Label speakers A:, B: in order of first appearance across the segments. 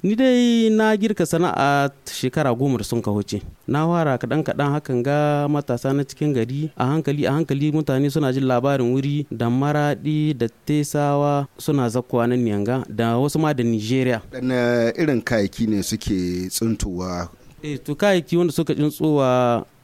A: ni dai na girka sana'a shekara goma da sun ka wuce na fara kaɗan kaɗan hakan ga matasa na cikin gari a hankali a hankali mutane suna jin labarin wuri da maraɗi da tesawa suna zakkuwa na niyanga da wasu ma da nigeria
B: ɗan irin kayaki ne suke tsintuwa. eh to kayaki
A: wanda suka tsintsowa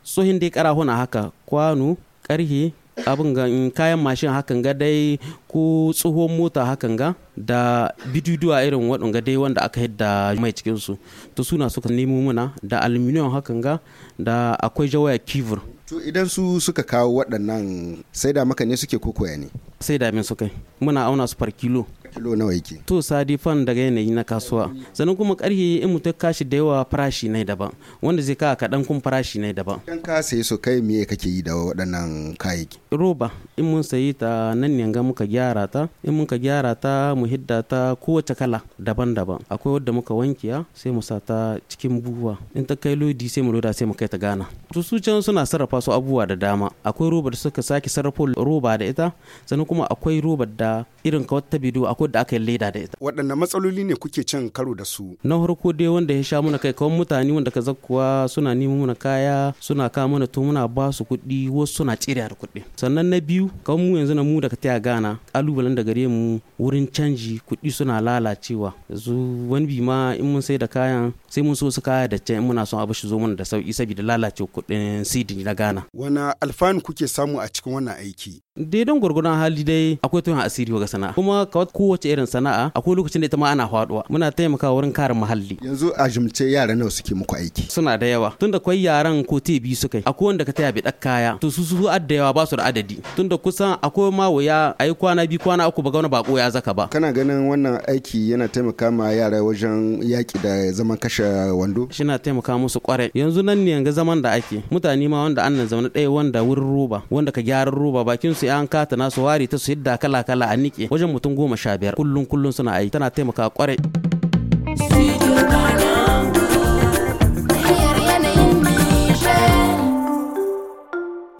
A: tsohin dai karahuna haka kwano ƙarhe abin ga kayan mashin hakan ga dai ko tsohon mota hakan ga da bididuwa irin waɗin ga dai wanda aka yadda mai cikin su to suna suka nemo muna da aluminium hakan ga da akwai jawaya kivir
B: to idan su suka kawo waɗannan sai da maka ne suke kokoya ne
A: sai da min suka muna auna su par kilo kilo nawa yake to sadi fan daga yanayi na kasuwa sannan kuma karhe in mutum kashi da yawa farashi ne daban wanda zai ka kaɗan kun farashi ne daban
B: kan ka sayi su kai me kake yi da waɗannan
A: kayayyaki roba in mun sayi ta nan ne ga muka gyara ta in muka gyara ta mu hidda ta kowace kala daban-daban akwai wadda muka wankiya sai mu sa ta cikin buwa in ta kai lodi sai mu loda sai mu kai ta gana to su can suna sarrafa su abubuwa da dama akwai roba da suka sake sarrafa roba da ita sannan kuma akwai roba da irin ka wata bidiyo akwai farko da aka yi leda
B: da ita waɗanne matsaloli ne kuke cin karo da su
A: na farko dai wanda ya sha mana kai kawan mutane wanda ka zakkuwa suna neman muna kaya suna kawo mana to muna ba su kuɗi wasu suna da kuɗi sannan na biyu kawan mu yanzu na mu daga taya gana kalubalen da gare mu wurin canji kuɗi suna lalacewa yanzu wani bi in mun sai da kayan sai mun so su kaya da can muna son abu shi zo mana da sauki saboda lalace kuɗin cd na ghana
B: wani alfanu kuke samu a cikin wannan aiki
A: daidan gwargwadon hali dai akwai tuyan asiri ga sana'a kuma kowace irin sana'a akwai lokacin da ita ma ana faduwa muna taimakawa wurin kare muhalli yanzu a jimce yara nawa suke muku aiki suna da yawa tunda kwai yaran ko te biyu suka akwai wanda ka taya bi dak kaya to su su adda yawa ba su da adadi tunda kusan akwai ma waya ayi kwana bi kwana uku ba gauna bako ya zaka ba
B: kana ganin wannan aiki yana taimaka ma yara wajen yaki da zaman kashe wando shina taimaka
A: musu kwarai yanzu nan ne yanga zaman da ake mutane ma wanda annan zaune ɗaya wanda wurin roba wanda ka gyaran roba bakin su an kata nasu wari ta su yadda kala kala a nike wajen mutum goma sha biyar kullun kullun suna aiki tana taimaka kwarai